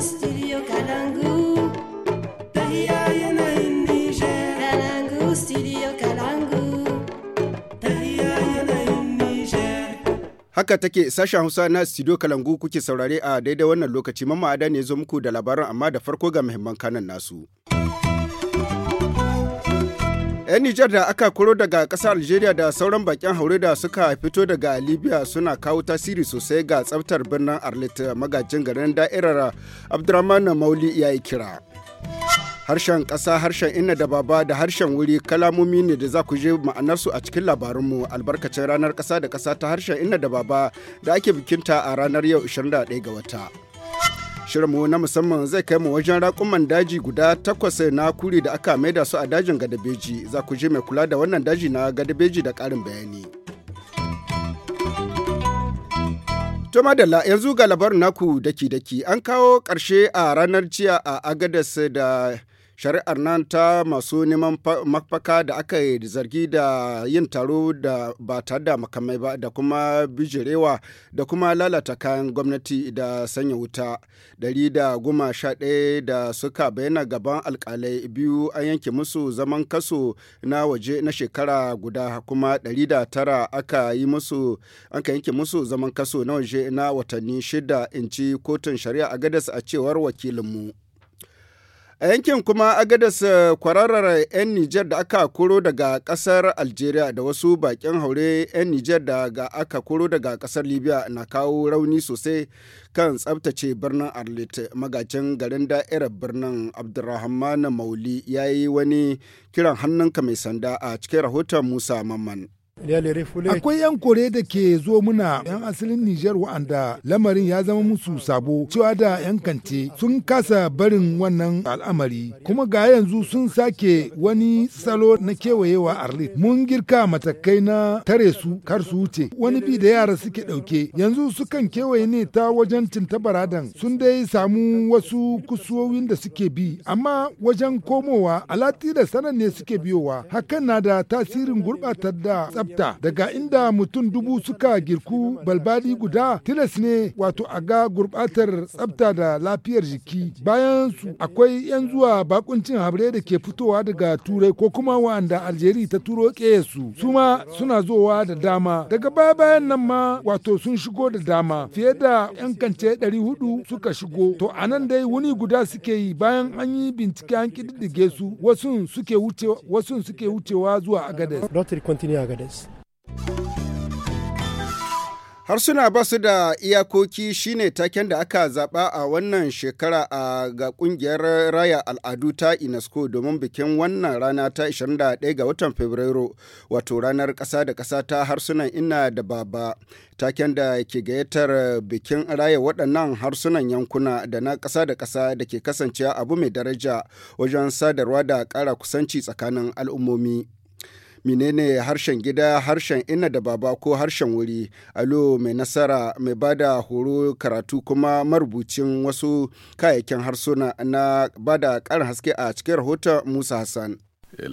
studio Haka take sashen Hausa na studio Kalangu kuke saurare a daidai wannan lokaci mamma ada ne zo muku da labaran amma da farko ga muhimman kanan nasu. 'Yan Nijar da aka kuro daga ƙasar Algeria da sauran bakin haure da suka fito daga Libya suna kawo tasiri sosai ga tsaftar birnin Arlit magajin garin da'irar Abdurrahman Mauli ya yi kira. Harshen ƙasa, harshen inna da baba da harshen wuri kalamomi ne da za ku je ma'anarsu a cikin labarunmu albarkacin ranar ƙasa da ƙasa ta harshen inna da baba da ake bikinta a ranar yau 21 ga wata. Shirinmu na musamman zai kai mu wajen raƙuman daji guda takwas na kuri da aka maida su a dajin Gadabeji. Za ku je mai kula da wannan daji na Gadabeji da ƙarin bayani. To madalla yanzu ga labarin naku daki-daki an kawo ƙarshe a ranar jiya a Agadas da shari'ar nan ta masu neman mafaka da aka yi zargi da yin taro da ba ta da makamai ba da kuma bijirewa da kuma lalata kayan gwamnati da sanya wuta dari da goma sha ɗaya da suka bayyana gaban alkalai biyu an yanke musu zaman kaso na waje na shekara guda kuma dari da tara aka yi musu an ka yanke musu zaman kaso na waje na watanni shida in ci kotun shari'a a gadas a cewar wakilinmu. A yankin kuma agadas eh, kwararar 'yan Nijar da aka koro daga ƙasar Algeria da wasu bakin haure 'yan Nijar da aka koro daga ƙasar Libya na kawo rauni sosai kan tsabtace birnin Arlit Magajin garin da'irar birnin Abdurrahman Mauli ya yi wani kiran hannunka mai sanda a cikin rahoton Musa Mamman. Akwai 'yan kore da ke zo muna 'yan asalin Nijar wa'anda lamarin ya zama musu sabo cewa da 'yan kante sun kasa barin wannan al'amari kuma ga yanzu sun sake wani salo na kewayewa Arlit. Mun girka matakai na tare su kar su wuce wani bi da yara suke ɗauke yanzu sukan kewaye ne ta wajen cintabaradan sun dai samu wasu kusurowin da suke bi amma wajen komowa alati da sanan ne suke biyowa hakan na da tasirin gurɓatar da tsabta daga inda mutum dubu suka girku balbali guda tilas ne wato a ga gurbatar tsabta da lafiyar jiki bayan su akwai yan zuwa bakuncin habre da ke fitowa daga turai ko kuma wa'anda aljeri ta turo su su ma suna zowa da dama daga baya bayan nan ma wato sun shigo da dama fiye da yan kance 400 suka shigo to a nan dai wuni guda suke yi bayan an yi bincike an kididdige su wasun suke wucewa zuwa agades. Harsuna ba su da iyakoki shine taken da aka zaba a wannan shekara a ga kungiyar raya al'adu ta UNESCO domin bikin wannan rana ta 21 ga watan Fabrairu, wato ranar ƙasa da ƙasa ta harsunan ina da baba. Taken da ke gayyatar bikin raya waɗannan harsunan yankuna da na ƙasa da ƙasa da ke kasancewa abu mai daraja wajen sadarwa da ƙara kusanci tsakanin al'ummomi. menene harshen gida harshen ina da baba ko harshen wuri alo mai nasara mai bada horo karatu kuma marubucin wasu kayayyakin harsuna na bada karin haske a cikin rahoton musa hassan eh,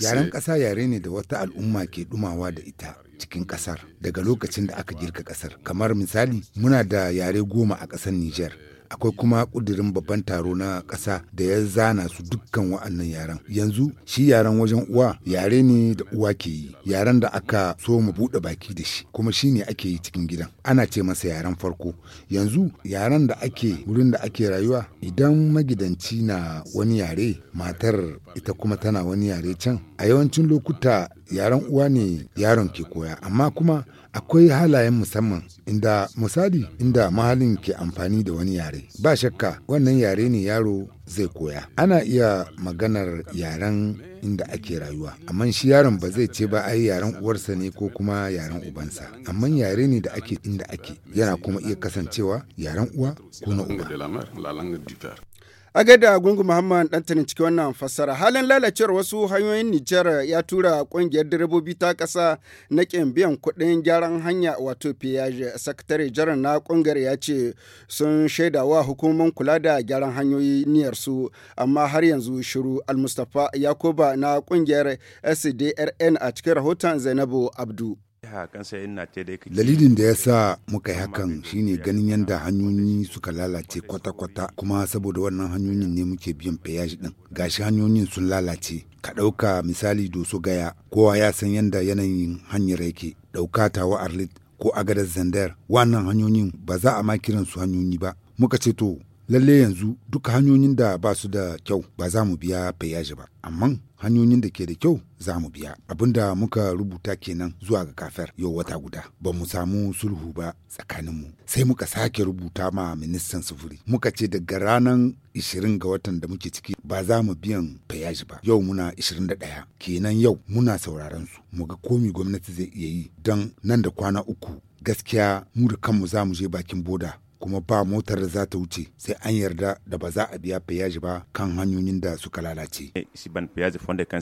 yaren ƙasa yare ne da wata al'umma ke dumawa da ita cikin ƙasar daga lokacin da aka girka ƙasar kamar misali muna da yare goma a ƙasar niger akwai kuma kudirin babban taro na ƙasa da ya zana su dukkan wa'annan yaran yanzu shi yaran wajen uwa yare ne da uwa ke yi yaran da aka so mu buɗe baki da shi kuma shi ne ake yi cikin gidan ana ce masa yaran farko yanzu yaran da ake wurin da ake rayuwa idan magidanci na wani yare matar ita kuma tana wani yare can a yawancin lokuta yaren uwa ne yaron ke koya amma kuma akwai halayen musamman inda misali inda mahalin ke amfani da wani yare ba shakka wannan yare ne yaro zai koya ana iya maganar yaren inda ake rayuwa amma shi yaron ba zai ce ba ai yaren uwarsa ne ko kuma yaren ubansa amma yare ne da ake inda ake yana kuma iya kasancewa yaren uwa ko na uba a agada gungun muhammad dantanin cikin wannan fassara halin lalacewar wasu hanyoyin nijar ya tura kungiyar direbobi ta kasa na kin biyan kuɗin gyaran hanya wato peage sakatare jiran na kungiyar ya ce sun shaida wa hukumomin kula da gyaran hanyoyi niyarsu amma har yanzu shiru almustapha yakuba na kungiyar sdrn a cikin rahoton zainabu abdu Dalilin da ya sa muka yi hakan shine ganin yadda hanyoyi suka lalace kwata-kwata kuma saboda wannan hanyoyin ne muke biyan fayashi din. Gashi hanyoyin sun lalace. Ka ɗauka misali doso gaya, kowa ya san yadda yanayin hanyar yake. Ɗauka tawa Arlit ko agadar Zandar, wannan hanyoyin ba za a ma kiransu hanyoyi ba. Muka ce to lallai yanzu duka hanyoyin da ba su da kyau ba za mu biya fayaji ba amma hanyoyin da ke da kyau za mu biya abinda muka rubuta kenan zuwa ga kafar yau wata guda ba mu samu sulhu ba tsakaninmu sai muka sake rubuta ma ministan sufuri muka ce daga ranar ishirin ga watan da muke ciki ba za mu biyan fayaji ba yau muna da 21 kenan yau muna sauraron su mu ga komi gwamnati zai iya yi don nan da kwana uku gaskiya mu da kanmu za mu je bakin boda kuma ba motar da za ta wuce sai an yarda da ba za a biya fayaji ba kan hanyoyin da suka lalace. Eh, Siban fonda kan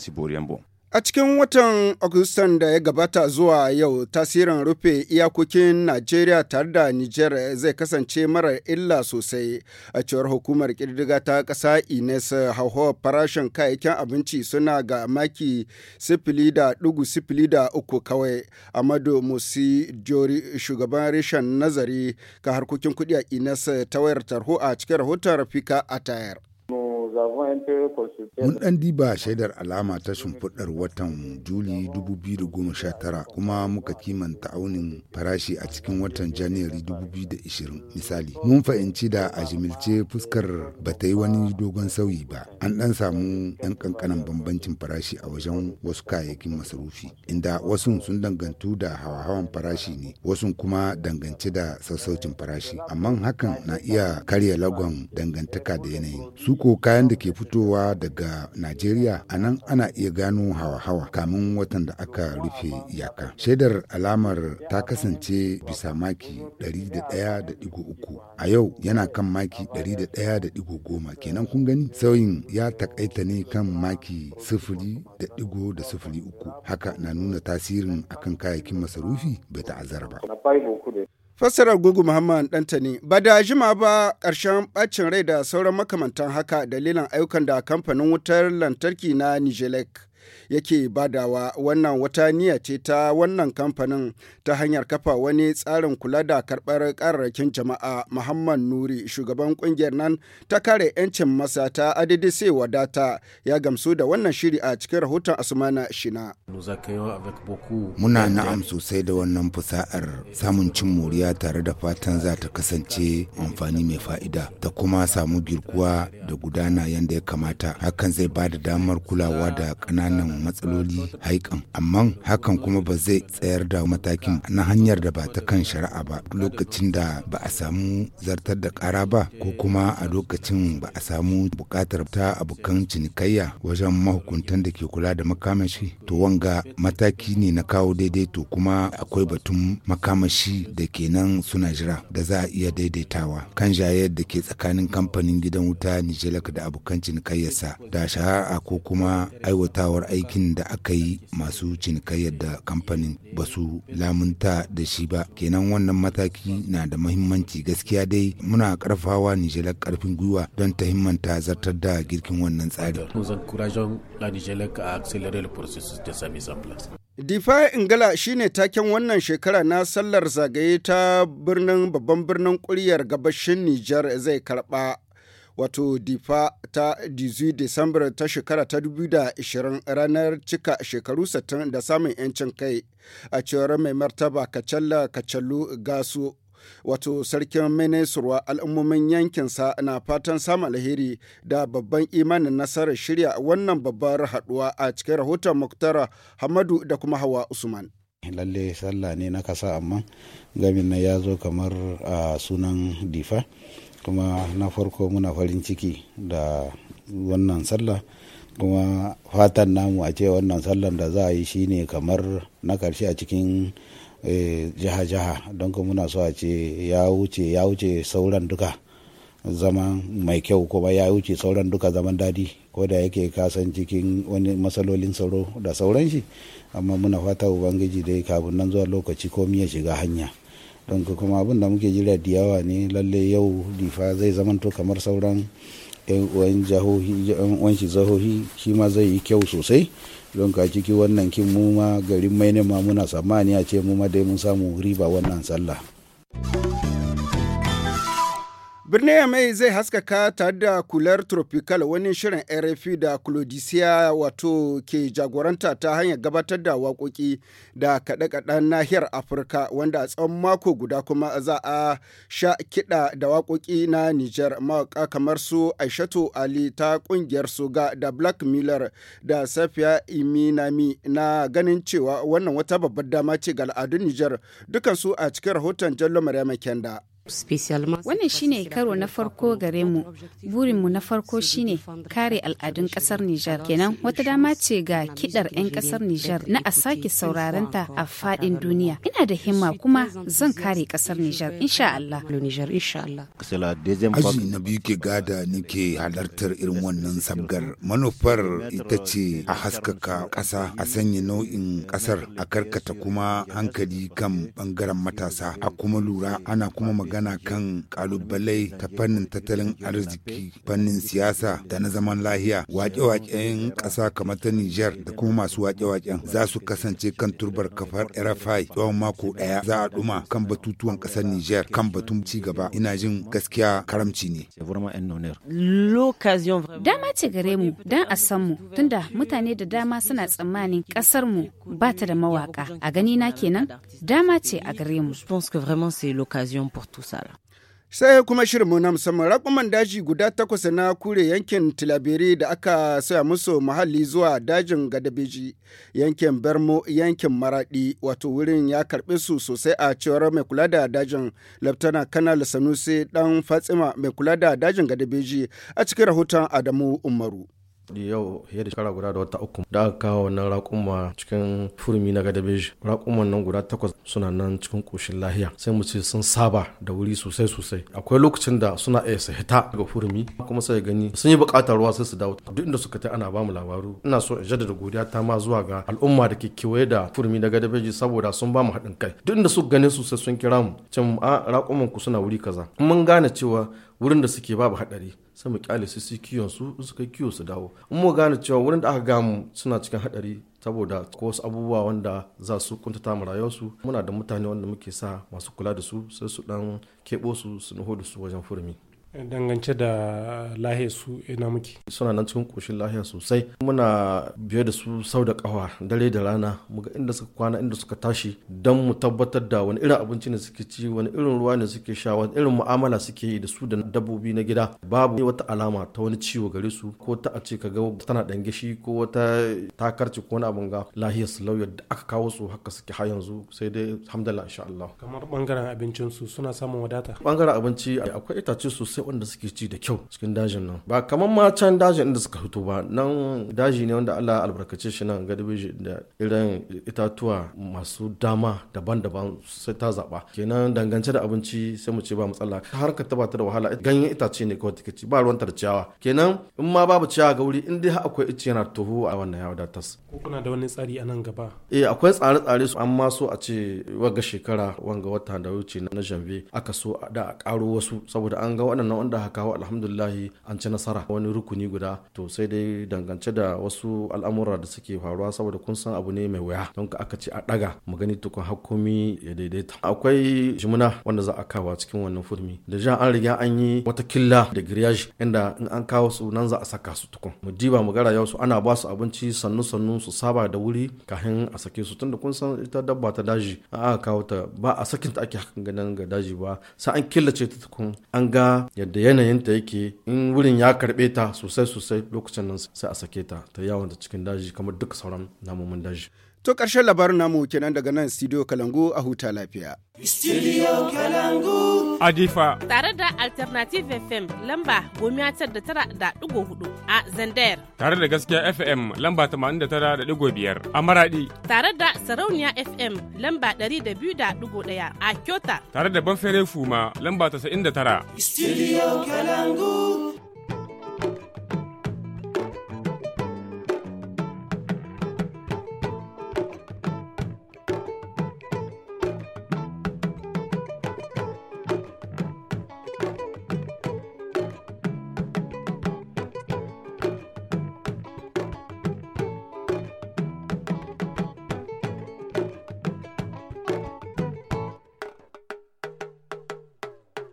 A cikin watan Agustan da ya gabata zuwa yau tasirin rufe iyakokin Najeriya tare da Nijar zai kasance marar illa sosai a cewar hukumar ƙirƙirga ta ƙasa Ines hauhawar farashin kayayyakin abinci suna ga maki sifili da ɗugu sifili da uku kawai. Amadu Musi Jori shugaban reshen nazari ka harkokin kuɗi a Ines ta wayar tarho a cikin rahoton Rafika Atayar. Mun ɗan diba shaidar alama ta shimfiɗar watan Juli 2019 kuma muka kimanta aunin farashi a cikin watan Janairu 2020 misali. Mun fahimci da a jimilce fuskar ba ta yi wani dogon sauyi ba. An ɗan samu 'yan ƙanƙanan bambancin farashi a wajen wasu kayayyakin masarufi inda wasu sun dangantu da hawa-hawan farashi ne wasu kuma dangance da sassaucin farashi amma hakan na iya karya lagon dangantaka da yanayin su ko kayan da ke fitowa daga Najeriya a nan ana iya gano hawa-hawa kamun watan da aka rufe iyaka. Shaidar alamar ta kasance bisa maki 101.3 a yau yana kan maki 101.10 kenan kun gani sauyin ya takaita ne kan maki 0.03 haka na nuna tasirin akan kayayyakin masarufi bai ta'azar ba. Fassarar Gugu Muhammad Dantani ba da jima ba ƙarshen ɓacin rai da sauran makamantan haka dalilan ayyukan da kamfanin wutar lantarki na Nijelek yake badawa wannan wata niyya ce ta wannan kamfanin ta hanyar kafa wani tsarin kula da karbar kararrakin jama'a Muhammad Nuri shugaban kungiyar nan ta kare 'yancin masa ta adadi sai wadata ya gamsu da wannan shiri a cikin rahoton Asumana Shina. Muna na'am sosai da wannan fusa'ar samun cin moriya tare da fatan za ta kasance amfani mai fa'ida ta kuma samu girkuwa da gudana yadda ya kamata hakan zai ba da damar kulawa da ƙananan waɗannan matsaloli haikan amma hakan kuma ba zai tsayar da matakin na hanyar da ba ta kan shari'a ba lokacin da ba a samu zartar da ƙara ba ko kuma a lokacin ba a samu buƙatar ta abokan cinikayya wajen mahukuntan da ke kula da makamashi to wanga mataki ne na kawo daidaito kuma akwai batun makamashi da ke nan suna jira da za a iya daidaitawa kan jayar da ke tsakanin kamfanin gidan wuta nijelak da abokan cinikayyarsa da shahara ko kuma aiwatawar aikin da aka yi masu cinikayyar da kamfanin ba su lamunta da shi ba kenan wannan mataki na da mahimmanci gaskiya dai muna karfawa nijelar karfin gwiwa don ta himmanta zartar da girkin wannan tsari. difa ingala shine taken wannan shekara na sallar zagaye ta birnin babban birnin kuryar gabashin nijar zai karba wato difa ta 18 Disambar ta shekara ta 2020 ranar cika shekaru 60 da samun 'yancin kai a cewar mai martaba kacalla kacallu gasu wato sarkin menesurwa al'ummomin yankinsa na fatan samun alheri da babban imanin nasarar shirya wannan babbar haduwa a cikin rahoton muktara hamadu da kuma hawa usman lalle sallah ne na kasa amma gamin na ya zo kamar a sunan difa kuma na farko muna farin ciki da wannan sallah kuma fatan namu a ce wannan sallan da za a yi shine kamar na karshe a cikin eh, jiha-jiha don kuma muna so a ce ya wuce ya wuce sauran duka zaman mai kyau kuma ya wuce sauran duka zaman dadi ko da yake kasan cikin wani matsalolin sauro da sauran shi amma muna fata ubangiji dai kafin nan zuwa lokaci komi ya shiga hanya don kuma abin da muke jira diyawa ne lalle yau difa zai zamanto kamar sauran yan uwan jahohi shi ma zai yi kyau sosai don ka ciki wannan kin mu ma garin maine ma muna tsammani a ce mu ma dai mun samu riba wannan sallah. Birnin mai zai haskaka tare da kular Tropical wani shirin RFI da Clodicea wato ke jagoranta ta hanyar gabatar da waƙoƙi da kaɗe-kaɗen nahiyar Afirka wanda a tsawon mako guda kuma za a sha kiɗa da waƙoƙi na Niger. mawaƙa kamar su Aishatu Ali ta ƙungiyar Soga da Black Miller da Safiya Iminami na ganin cewa wannan wata babbar dama ce ga al'adun Niger, dukansu a cikin rahoton Jallo Maryam Kenda. Wannan shine karo na farko gare mu. Burinmu na farko shine kare al'adun kasar Nijar. Kenan wata dama ce ga kidar 'yan kasar Nijar na a sake ta a fadin duniya. Ina da himma kuma zan kare kasar Nijar insha Allah. Aji na biyu ke gada nake halartar irin wannan sabgar. Manufar ita ce a haskaka ƙasa a sanya nau'in ƙasar a karkata kuma hankali kan bangaren matasa a kuma lura ana kuma magana magana kan kalubalai ta fannin tattalin arziki fannin siyasa da na zaman lahiya wake-waken ƙasa kamar ta Nijar da kuma masu wake-waken za su kasance kan turbar kafar RFI tsawon mako ɗaya za a ɗuma kan batutuwan ƙasar niger. kan batun ci ina jin gaskiya karamci ne. Dama ce gare mu don a san mu tunda mutane da dama suna tsammanin ƙasar mu ba ta da mawaka a gani na kenan dama ce a gare mu. Sara. sai kuma shirinmu na musamman rakuman daji guda takwas na kure yankin tilabiri da aka saya musu muhalli zuwa dajin gadabeji yankin bermo yankin maradi wato wurin ya karbe su sosai a cewar mai kula da dajin laftana kanal sanusi dan fatsima mai kula da dajin gadabeji a cikin rahoton adamu umaru yau fiye da shekara guda da wata uku da aka kawo wannan raƙuma cikin furumi na gadabeji raƙuman nan guda takwas suna nan cikin ƙoshin lahiya sai mu ce sun saba da wuri sosai sosai akwai lokacin da suna iya su hita daga furumi kuma sai gani sun yi buƙatar ruwa sai su dawo duk inda suka ta ana ba mu labaru ina so in jaddada godiya ta ma zuwa ga al'umma da ke kewaye da furumi na gadabeji saboda sun ba mu haɗin kai duk inda suka gane su sun kira mu a raƙuman ku suna wuri kaza mun gane cewa wurin da suke babu hadari sai mu kyale su su kiyon su su kai kiyo su dawo in mu gane cewa wurin da aka gamu suna cikin hadari saboda ko wasu abubuwa wanda za su kuntata mu rayuwarsu muna da mutane wanda muke sa masu kula da su sai su dan kebo su su nuho da su wajen furmi dangance da lahiyar su ina muke suna nan cikin koshin lahiya sosai muna biye da su sau da kawa dare da rana muga inda suka kwana inda suka tashi don mu tabbatar da wani irin abinci ne suke ci wani irin ruwa ne suke sha wani irin mu'amala suke yi da su da dabbobi na gida babu wata alama ta wani ciwo gare su ko ta a ce ka ga tana dan gishi ko wata takarci ko wani abun ga lahiyar su lauyar da aka kawo su haka suke har yanzu sai dai alhamdulillah insha Allah kamar bangaren abincin su suna samun wadata bangaren abinci akwai itace sosai sai wanda suke ci da kyau cikin dajin nan ba kamar ma can dajin inda suka fito ba nan daji ne wanda Allah albarkace shi nan gadabe da irin itatuwa masu dama daban-daban sai ta zaba kenan dangance da abinci sai mu ce ba matsala har ka taba da wahala ganyen itace ne kawai take ci ba ruwan tarciyawa kenan in ma babu ciyawa ga wuri in dai akwai ice yana toho a wannan da tas. ko kuna da wani tsari a nan gaba eh akwai tsare-tsare su amma so a ce wanga shekara wanga wata da wuce na janvier aka so da a karo wasu saboda an ga waɗannan na wanda haka kawo alhamdulillahi an ci nasara wani rukuni guda to sai dai dangance da wasu al'amura da suke faruwa saboda kun san abu ne mai wuya don ka aka ce a daga mu gani tukun hakkomi ya daidaita akwai jimuna wanda za a kawo cikin wannan furmi da jan an riga an yi wata killa da giriyaji inda in an kawo su nan za a saka su tukun mu diba mu gara su ana ba su abinci sannu sannu su saba da wuri kafin a sake su tunda kun san ita dabba ta daji a aka kawo ta ba a sakin ta ake hakan ganin ga daji ba sai an killace ta tukun an ga yadda yanayinta yake in wurin ya karbe ta sosai sosai lokacin nan sai a sake ta ta yawanta cikin daji kamar duk sauran namomin daji To ƙarshen labarin namu kenan daga nan Studio Kalangu a huta lafiya. Studio Kalangu. Adifa. Tare da Alternative FM lamba gomi da tara da ɗigo hudu a Zandayar. Tare da gaskiya FM lamba tamanin da tara da ɗigo biyar a Maraɗi. Tare da Sarauniya FM lamba ɗari da biyu da ɗigo ɗaya a Kyota. Tare da Banfere Fuma lamba tasa'in da tara. Studio Kalangu.